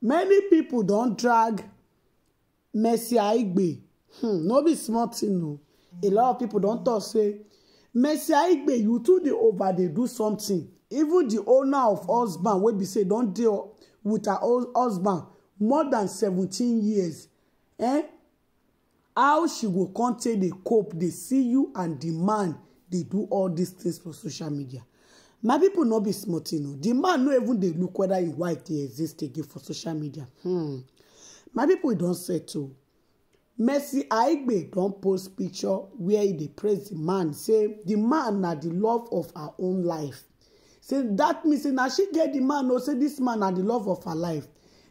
many people don drag Mercy aigbe hmm no be small thing no. a lot of people don tok say Mercy aigbe you too dey over dey do something even the owner of husband wey be say don dey with her husband more than seventeen years eh how she go come take dey cope dey see you and di man dey do all these things for social media my people not be small tin o di man no even they look whether he white they exist again for social media hmm my people don't say settle mercy aigbe don't post picture where e dey praise the man say the man na the love of her own life say that mean now she get the man o say dis man are the love of her life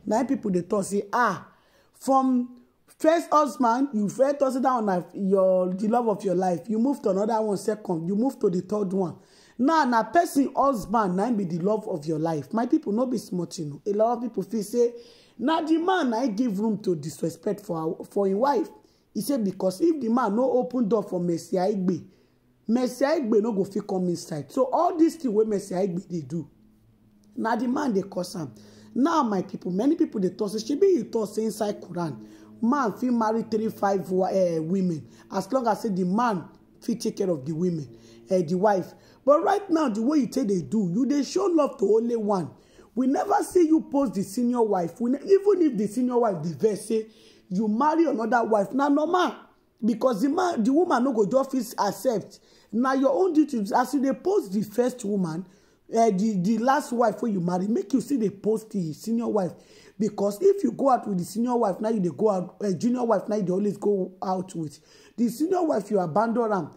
na people they talk say ah from first husband you first husband down your the love of your life you move to another one second you move to the third one now na person husband na be the love of your life my people no be small you know a lot of people feel say na the man I give room to disrespect for for him wife He said because if the man no open door for mercy aigbe mercy aigbe no go fit come inside so all these things wey mercy aigbe they do na the man they cause am now my people many people they talk say be you talk inside quran man fit marry three five uh, women as long as say the man fit take care of the women uh, the wife but right now the way you take dey do you dey show love to only one we never see you post the senior wife we even if the senior wife dey vex say you marry another wife na normal because the man the woman no go just fit accept na your own duty as you dey post the first woman uh, the the last wife wey you marry make you still dey post the senior wife because if you go out with the senior wife now you dey go out uh, junior wife now you dey always go out with the senior wife you abandon am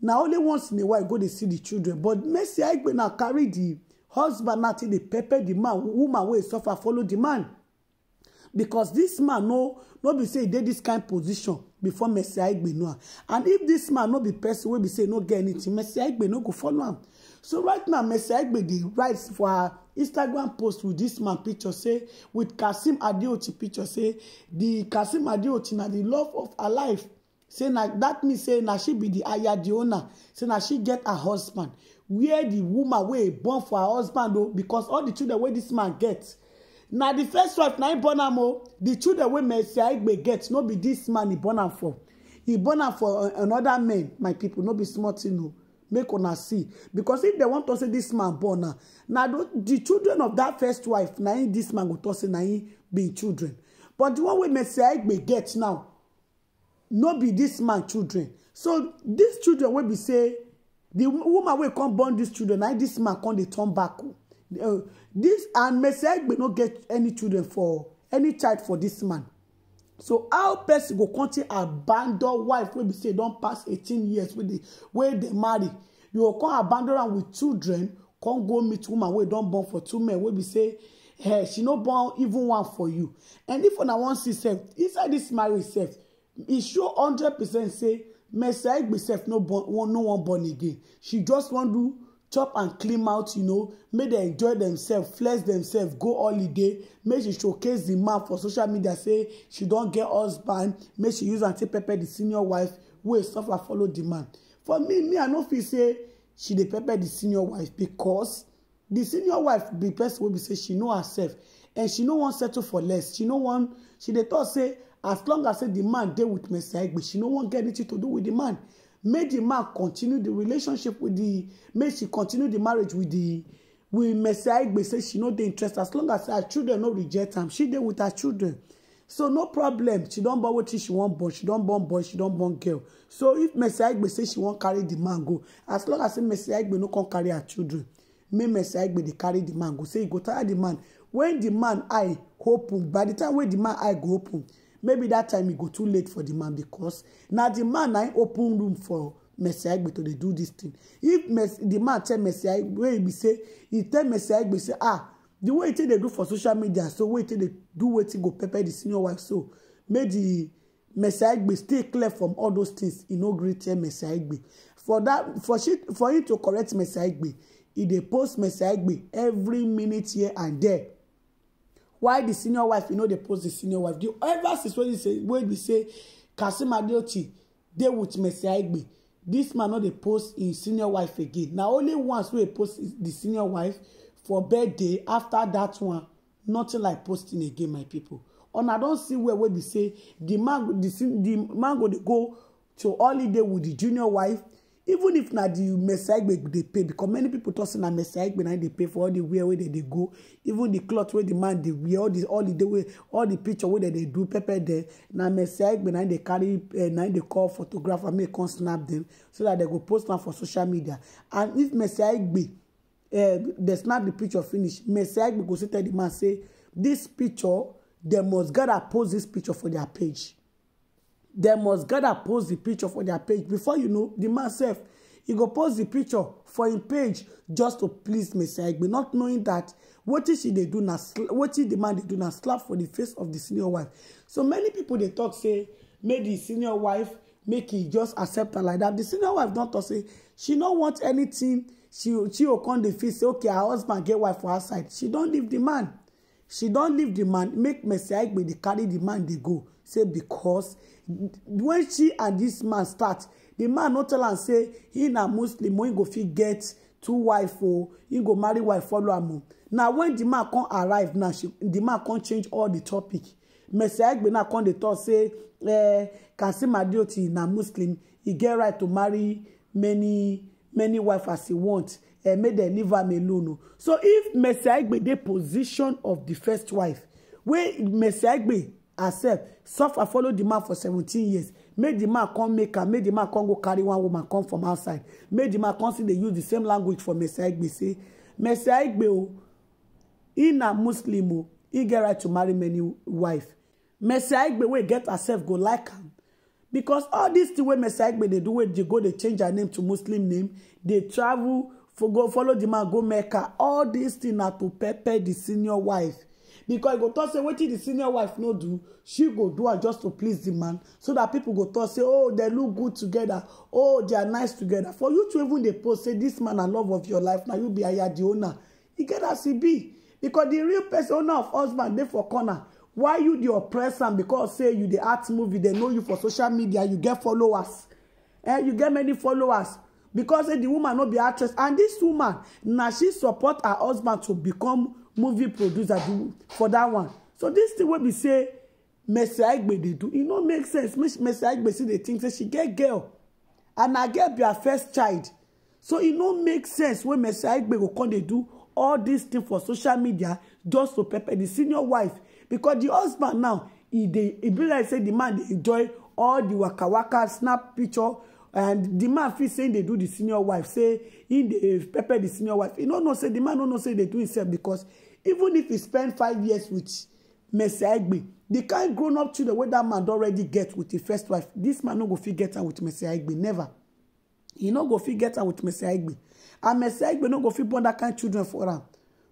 na only once in a while you go dey see the children but mercy aigbe na carry the husband na take dey pepper the man woman wey suffer follow the man because this man no no be say e dey this kind position before messiah igbe know and if this man not be person wey be say no get anything messiah igbe no go follow him. so right now messiah igbe dey write for her instagram post with this man picture say with kasim adeoti picture say the kasim adeoti na the love of her life say na that mean say na she be the aya di owner say na she get her husband where the woman way born for her husband though, because all the children wey this man gets na the first wife na im born am o the children wey mercy aigbe get no be this man he born am for He born am for another man my people no be small thing o make una see because if dem wan talk say this man born na na the children of that first wife na im this man go talk say na im be children but di one wey mercy aigbe get now no be this man children so these children wey be say the woman wey come born these children na this man come dey turn back o Oh, this and Messiah Egbe no get any children for any child for this man so how person go continue abandon wife wey be say don't pass eighteen years wey dey wey they marry you go come abandon am with children come go meet woman wey don't born for two men wey be say eh she no born even one for you and if una wan see sef inside this marriage sef e show hundred percent say Mercy Aigbe no born no one born again she just wan do chop and clean mouth you know make dem enjoy themselves flex themselves go holiday make she showcase the man for social media say she don get husband make she use am take pepper the senior wife wey suffer follow the man for me me i no feel say she dey pepper the senior wife because the senior wife be person wey be say she know herself and she no wan settle for less she no wan she dey talk say as long as say the man dey with mr egbe she no wan get anything to do with the man Make the man continue the relationship with the make she continue the marriage with the with Mercy Aigbe say she no dey interest as long as her children no reject am she dey with her children so no problem she don born wetin she wan born she don born boy she don born girl so if Mercy Aigbe say she wan carry the man go as long as say Mercy Aigbe no come carry her children make Mercy Aigbe dey carry the man go say e go tire the man when the man eye open by the time wey the man eye go open maybe that time e go too late for the man because na the man na open room for messi aigbe to dey do this thing if the man tell messi aigbe wey be say he tell messi aigbe say ah the way he take dey do for social media so wey e take dey do wetin go pepper the senior wife so make di messi aigbe stay clear from all those things He no gree tell messi aigbe for that for she for him to correct messi aigbe He dey post messi aigbe every minute here and there why the senior wife you know dey post the senior wife di ever since wey we say kasim adeoti dey with messi aigbe dis man no dey post im senior wife again na only once wey post the senior wife for birthday after that one nothing like posting again my pipo una don see where wey be say the man The go dey go to holiday with the junior wife even if na the messiah egbe dey pay because many people talk say na messiah egbe na dey pay for all the where wey dem dey go even the cloth wey the man dey wear all the all the day wey all the picture wey dem dey do pepper dem na messiah egbe na dey carry uh, na dey call photographer make come snap dem so that dem go post am for social media and if messiah egbe uh, eh, dey snap the picture finish messiah egbe go still tell the man say this picture dem must gather post this picture for their page dem must gather post the picture for their page before you know the man sef e go post the picture for im page just to please mr egbe not knowing dat wetin she dey do na wetin the man dey do na slap for the face of the senior wife so many people dey talk say make the senior wife make he just accept am like that. The senior wife don tok say she no want anything. she go come dey feel say okay her husband get wife for her side she don leave the man she don leave the man make mr aigbe dey carry the man dey go say because when she and this man start the man no tell am say he na muslim when he go fit get two wife o he go marry wife follow am o na wen di man come arrive now the man come change all the topic mercy egbe now come dey talk say eh kasim adeoti na muslim he get right to marry many many wife as he want eh make dem leave am alone o so if mercy egbe dey position of the first wife wey mercy egbe herself suffer follow di man for seventeen years make di man come make am make di man come go carry one woman come from outside make di man come still dey use the same language for messiah igbe say messiah igbe o oh, he na muslim o oh. he get right to marry many wife messiah igbe wey get herself go like am because all dis thing wey messiah igbe dey do wey dey go dey change her name to muslim name dey travel for go follow di man go mecca all dis thing na to pepper the senior wife because e go talk say wetin the senior wife no do she go do am just to please the man so that people go talk say oh they look good together oh they are nice together for you to even dey post say this man na love of your life na you be aya the owner e get as e be because the real person owner of husband dey for corner why you dey oppress am because say you dey act movie dem know you for social media you get followers eh you get many followers because say the woman no be actress and this woman na she support her husband to become movie producer do for that one so this thing wey be say mercy aigbe they do it e no make sense mercy aigbe see they think say she get girl and I get be her first child so it e no make sense when mercy aigbe go come they do all this thing for social media just to pepper the senior wife because the husband now he he be like say the man dey enjoy all the waka waka snap picture and the man feel saying they do the senior wife say in the pepper the senior wife e no know say the man no know say they do himself because even if he spend five years with mercy aigbe the kind grown up children wey that man don already get with him first wife this man no go fit get am with mercy aigbe never he no go fit get am with mercy aigbe and mercy aigbe no go fit born that kind children for am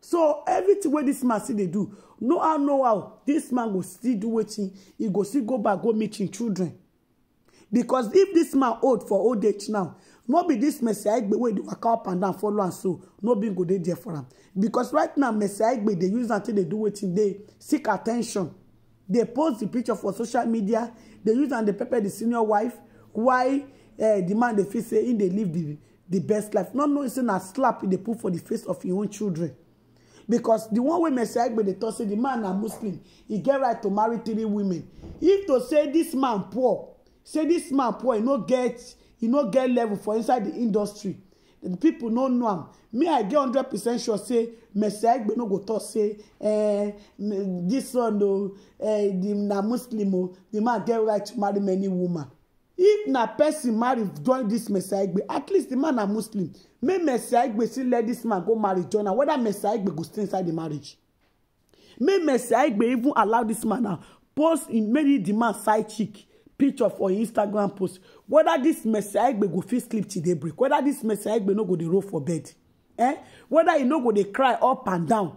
so everything wey this man still dey do no how no how this man go still do wetin He go still go back go meet him children because if this man old for old age now no be this messiah igbe dey waka up and down follow am so no bin go dey there for am because right now messiah igbe dey use am till dey do wetin dey seek attention dey post the picture for social media dey use am dey pepper the senior wife why eh, the man dey feel say him dey live the best life not knowing say na slap e dey put for the face of im own children because the one wey messiah igbe dey talk say the man na muslim he get right to marry three women if to say this man poor say this man poor he no get You no get level for inside the industry the people no know am me i get hundred percent sure say messiah egbe no go talk say eh, dis one o eh, na muslim o the man get right to marry many women if na person marry join this messiah egbe at least the man na muslim make messiah egbe still let this man go marry join am whether messiah egbe go stay inside the marriage make messiah egbe even allow this man na post in marry the man side cheek picture for instagram post whether this messiah egbe go fit sleep till dey break whether this messiah egbe no go dey roll for bed eh whether he no go dey cry up and down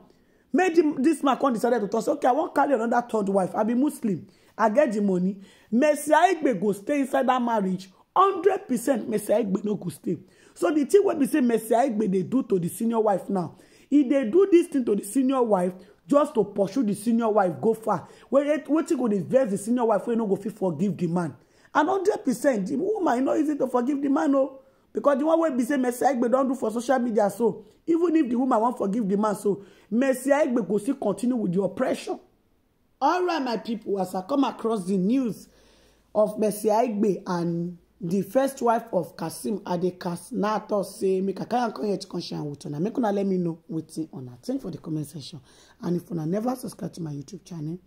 make this man come decided to talk say okay i wan carry another third wife i be muslim i get the money messiah egbe go stay inside that marriage Hundred percent messiah egbe no go stay so the thing wey be say messiah egbe dey do to the senior wife now e dey do this thing to the senior wife just to pursue the senior wife go far wetin go dey vex the senior wife wey no go fit forgive the man and hundred percent the woman e no easy to forgive the man o oh. because the one wey be say mercy aigbe don do for social media so even if the woman wan forgive the man so mercy aigbe go still continue with the oppression all right my people as i come across the news of mercy aigbe and The first wife of kasim adekasina tok say make i carry am come here to come share with una make una let me know wetin una think for the comment section and if una never subscribe to my youtube channel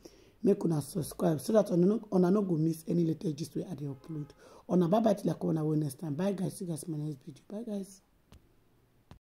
make una subscribe so that una no go miss any latest gist wey i dey upload una bye bye till i come una next time bye guys see you guys my next video bye guys